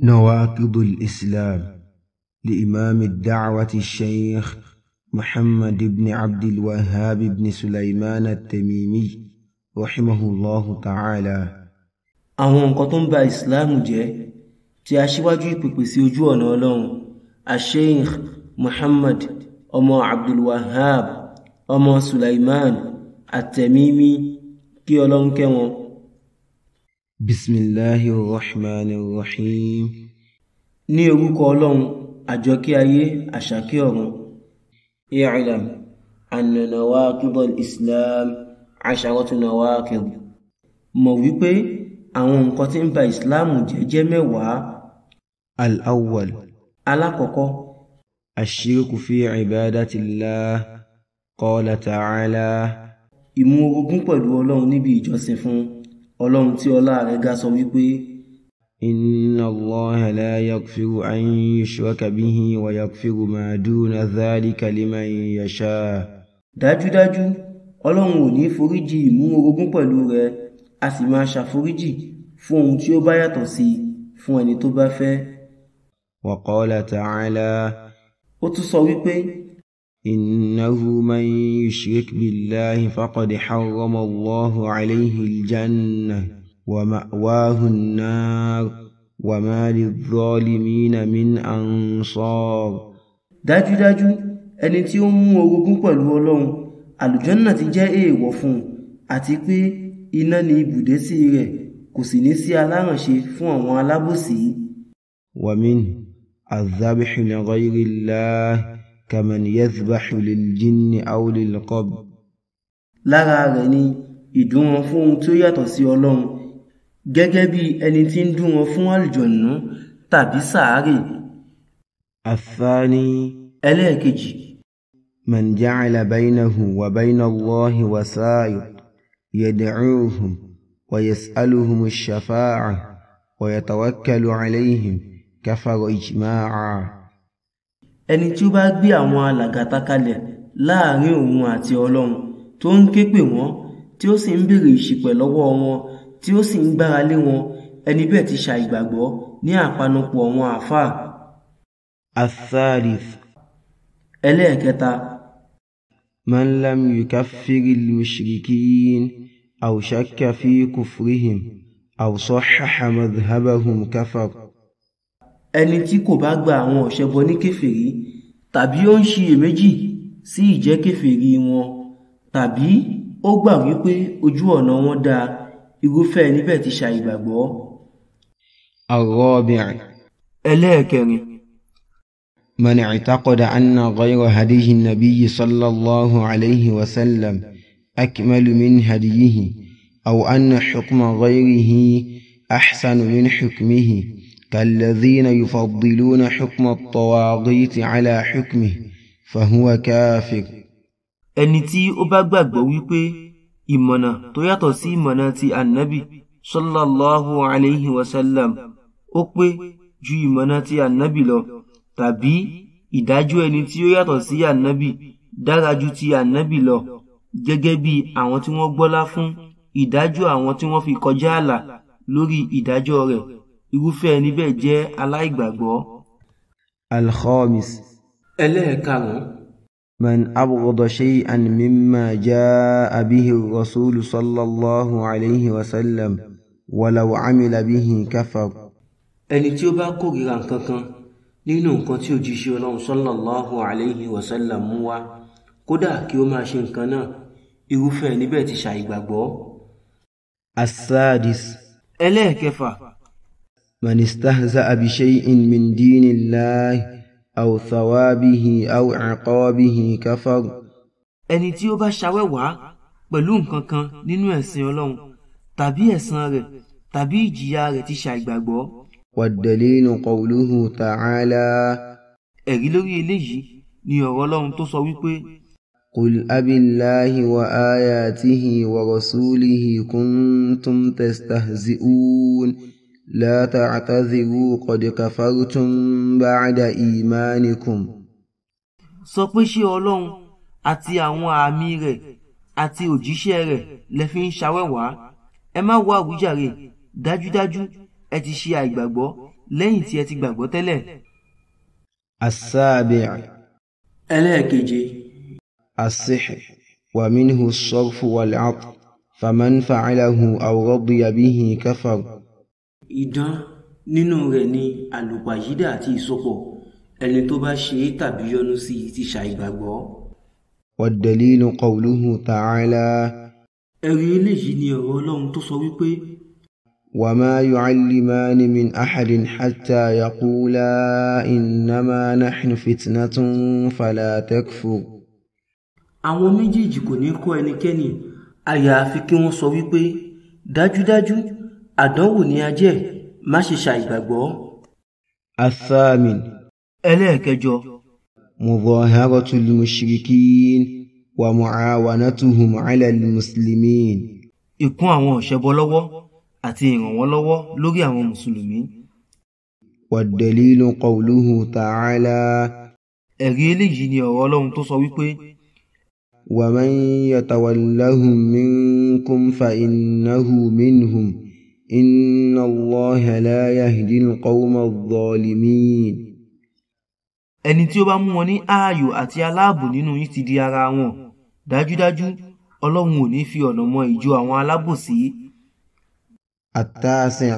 نواقض الإسلام لإمام الدعوة الشيخ محمد بن عبد الوهاب بن سليمان التميمي رحمه الله تعالى. àwọn nǹkan tó ń ba islam jẹ́ tí aṣíwájú ìpèpè sí ojú ọ̀nà ọlọ́run asheikh muhammad ọmọ abdulwahab ọmọ sulaiman àtẹ̀mímí kí ọlọ́run kẹ́ wọn bisimilahi rahman rahim. ní orúkọ ọlọ́run àjọkẹ́ ayé àṣàkẹ́ ọ̀run i'lam anna nawaqid al-islam asharatu nawaqid. mọ̀ wípé àwọn nǹkan tí ń ba ìsìláàmù jẹ́ jẹ́ mẹ́wàá. al-awwal. alákọ̀ọ́kọ́. ashiriku fi ibadatillah qala ta'ala. ìmú orogún pẹ̀lú ọlọ́run níbi ìjọsìn fún ọlọ́run tí ọlá rẹ̀ ga sọ wípé. inna allaha la yaghfiru an yushraka bihi wa yaghfiru ma duna dhalika liman yasha. dájúdájú ọlọ́run ò ní foríjì ìmú orogún pẹ̀lú rẹ̀ a sì máa ṣàforíjì fún ohun tí ó bá yàtọ̀ sí fún ẹni tó bá fẹ́. wa qala ó tún sọ wípé. إنه من يشرك بالله فقد حرم الله عليه الجنة ومأواه النار وما للظالمين من أنصار dájúdájú ẹni tí ó mú orogún pẹ̀lú ọlọ́run àlùjọ́nà ti jẹ́ èèwọ̀ fún un àti pé iná ni ibùdé sí rẹ̀ kò sì ní sí alárànṣe fún àwọn alábòsí. ومن الذبح لغير الله كمن يذبح للجن أو للقب lára rẹ̀ ni ìdún wọn fún ohun tí ó yàtọ̀ sí ọlọ́run gẹ́gẹ́ bí ẹni tí ń dún wọn fún àlùjọ̀nù tàbí sàárè. àfáàní. ẹlẹ́ẹ̀kejì. man ja'ala baynahu wa bayna Allahi wasaya yad'uuhum wa yas'aluhum ash wa yatawakkalu alayhim kafara ijma'a ẹni tí ó bá gbé àwọn alàgàtà kalẹ̀ láàrin òun àti ọlọ́run tó ń ké pè wọ́n tí ó sì ń béèrè ìṣìpẹ̀ lọ́wọ́ wọn tí ó sì ń gbára lé wọn ẹni bẹ́ẹ̀ ti ṣàìgbàgbọ́ ní àpanupọ̀ wọn àáfàá. atharith. ẹlẹ́ẹ̀kẹta. man lam yukaffiri al-mushrikin aw shakka fi kufrihim aw sahhaha madhhabahum kafar ẹni tí kò bá gba àwọn ọ̀ṣẹbọ ní kèfèrí tàbí ó ń ṣiyèméjì sí ìjẹ́ kèfèrí wọn tàbí ó gbà wípé ojú ọ̀nà wọn dáa irúfẹ́ ẹni bẹ́ẹ̀ ti ṣàìgbàgbọ́. الرابع الاكري من اعتقد أن غير هدي النبي صلى الله عليه وسلم أكمل من هديه أو أن حكم غيره أحسن من حكمه كالذين يفضلون حكم الطواغيت على حكمه فهو كافر ẹni tí ó bá gbàgbọ́ wípé ìmọ̀nà tó yàtọ̀ sí ìmọ̀nà ti ànábì sallallahu alayhi wa sallam ó pé ju ìmọ̀nà ti ànábì lọ tàbí ìdájọ́ ẹni tí ó yàtọ̀ sí ànábì dára ju ti ànábì lọ gẹ́gẹ́ bí àwọn tí wọ́n gbọ́lá fún ìdájọ́ àwọn tí wọ́n fi kọjá ààlà lórí ìdájọ́ rẹ̀ irúfẹ́ ẹni bẹ́ẹ̀ jẹ́ aláìgbàgbọ́. alkhamis. ẹlẹ́ẹ̀karùn-ún. من أبغض شيئا مما جاء به الرسول صلى الله عليه وسلم ولو عمل به كفر ẹni tí ó bá kórìíra nǹkan kan nínú nǹkan tí òjíṣẹ́ ọlọ́run sallallahu alayhi wa sallam mú wá kódà kí ó máa ṣe nǹkan náà irúfẹ́ níbẹ̀ ti ṣàìgbàgbọ́. asadis. ẹlẹ́ẹ̀kẹfà من استهزأ بشيء من دين الله أو ثوابه أو عقابه كفر ẹni tí ó bá ṣàwẹ́wà pẹ̀lú nǹkan kan nínú ẹ̀sìn ọlọ́run tàbí ẹ̀san rẹ̀ tàbí ìjìyà rẹ̀ ti ṣàìgbàgbọ́. والدليل قوله تعالى ẹ̀rí lórí eléyìí ni ọ̀rọ̀ ọlọ́run tó sọ wípé. قل أب الله وآياته ورسوله كنتم تستهزئون. لا تعتذروا قد كفرتم بعد إيمانكم sọ pé ṣé ọlọ́run àti àwọn àmì rẹ̀ àti òjíṣẹ́ rẹ̀ lẹ fi ń ṣàwẹ̀wá ẹ má wá àwíjàre dájúdájú ẹ ti ṣe àìgbàgbọ́ lẹ́yìn tí ẹ ti gbàgbọ́ tẹ́lẹ̀. السابع ẹlẹ́ẹ̀keje. السحر ومنه الصرف والعطف فمن فعله أو رضي به كفر Idán nínú rẹ̀ ni àlùpàyídà àti ìsopọ̀ ẹni tó bá ṣe é tàbí yọnu sí i ti ṣàìgbàgbọ́. wàdàlílù qawluhu ta'ala. ẹ̀rí eléyìí ni ọ̀rọ̀ ọlọ́run tó sọ wípé. wa ma yu'allimani min ahadin hatta yaqula innama nahnu fitnatun fala takfur. àwọn méjèèjì kò ní kọ́ ẹnikẹ́ni àyàfi kí wọ́n sọ wípé dájúdájú. Dájú, àdánwò ni ajẹ́ má ṣe ṣàìgbàgbọ́. athamin. ẹlẹ́ẹ̀kẹjọ. mudhaharatu mushrikin wa mu'awanatuhum 'ala muslimin. ìkún àwọn ọ̀ṣẹ́bọ lọ́wọ́ àti ìrànwọ́ lọ́wọ́ lórí àwọn mùsùlùmí. wad-dalilu qawluhu ta'ala. ẹ̀rí eléyìí ni ọ̀rọ̀ ọlọ́run tó sọ wípé. wa man yatawallahum إن الله لا يهدي القوم الظالمين ẹni tí ó bá mú wọn ní ààyò àti aláàbò nínú yín ti di ara wọn dájúdájú ọlọ́run ò ní fi ọ̀nà mọ ìjọ àwọn alábòsí. àtàsìn.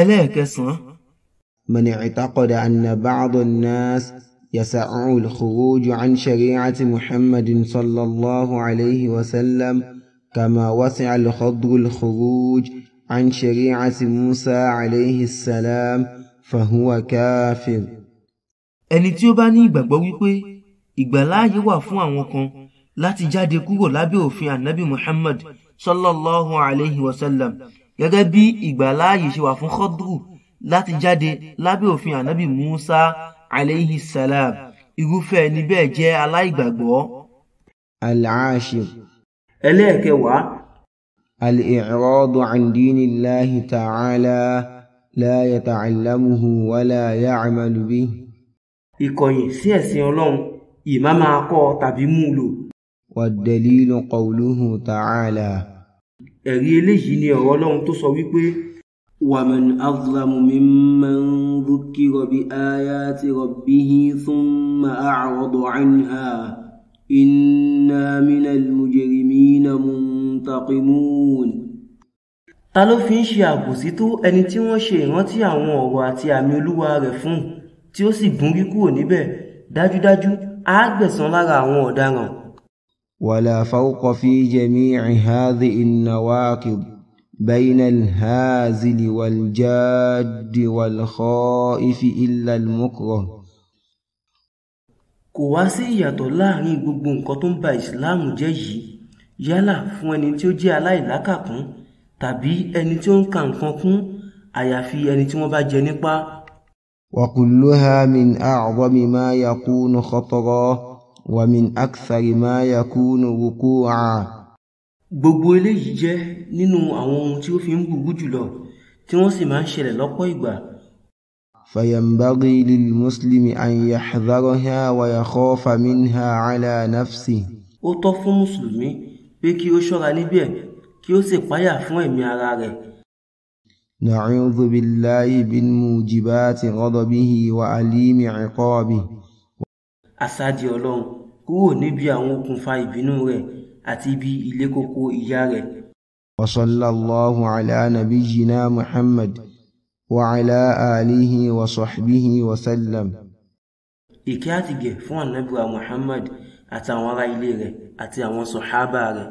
ẹlẹ́ẹ̀kẹsàn-án. mani ìtàkọ̀dà anna ba'dọ̀ nas yasa'u al-khuruju an shari'ati muhammadin sallallahu alayhi wa sallam kama wasi'a al-khadru al-khuruj. عن شريعة موسى عليه السلام فهو كافر. ẹni tí ó bá ní ìgbàgbọ́ wípé ìgbàláàyè wà fún àwọn kan láti jáde kúrò lábẹ́ òfin ànábì muhammad sallallahu alayhi wa sallam gẹ́gẹ́ bí ìgbàláàyè ṣe wà fún khadru láti jáde lábẹ́ òfin ànábì musa alayhi salam irúfẹ́ ẹni bẹ́ẹ̀ jẹ́ aláìgbàgbọ́. ẹlẹ́ẹ̀kẹwàá الإعراض عن دين الله تعالى لا يتعلمه ولا يعمل به ìkọ̀yìn sí ẹ̀sìn ọlọ́run ìmá máa kọ́ tàbí mú lò. والدليل قوله تعالى ẹ̀rí eléyìí ni ọ̀rọ̀ ọlọ́run tó sọ wípé ومن أظلم ممن ذكر بآيات ربه ثم أعرض عنها إنا من المجرمين منتقمون ta ló fi ń ṣe àbòsí tó ẹni tí wọ́n ṣe ìrántí àwọn ọ̀rọ̀ àti àmì olúwa rẹ̀ fún tí ó sì gúnrí kúrò níbẹ̀ dájúdájú á gbẹ̀san lára àwọn ọ̀daràn. wàlà fawqa fi jami'i hadhihi an hazili wal-jaddi wal-kha'ifi illa kò wá sí ìyàtọ̀ láàrin gbogbo nǹkan tó ń ba ìsìláàmù jẹ́ yìí yálà fún ẹni tí ó jẹ́ aláìlákàkún tàbí ẹni tí ó ń ka nǹkan kún àyàfi ẹni tí wọ́n bá jẹ nípa. وكلها من أعظم ما يكون خطرا ومن أكثر ما يكون وقوعا. gbogbo eléyìí jẹ́ nínú àwọn ohun tí ó fi ń gbùgbù jùlọ tí wọ́n sì máa ń ṣẹlẹ̀ lọ́pọ̀ ìgbà فينبغي للمسلم أن يحذرها ويخاف منها على نفسه ó tọ́ fún mùsùlùmí pé kí ó ṣọ́ra níbẹ̀ kí ó sì páyà fún ẹ̀mí ara rẹ̀. نعوذ بالله من موجبات غضبه وأليم عقابه. àsádi ọlọ́run kúrò níbi àwọn okùnfà ìbínú rẹ̀ àti ibi ìlékòkò ìyà rẹ̀. وصلى الله على نبينا محمد وعلى آله وصحبه وسلم ìkẹ́ àtìgẹ̀ fún ànábì wa muhammad àtàwọn ará ilé rẹ̀ àti àwọn sọ̀hábà rẹ̀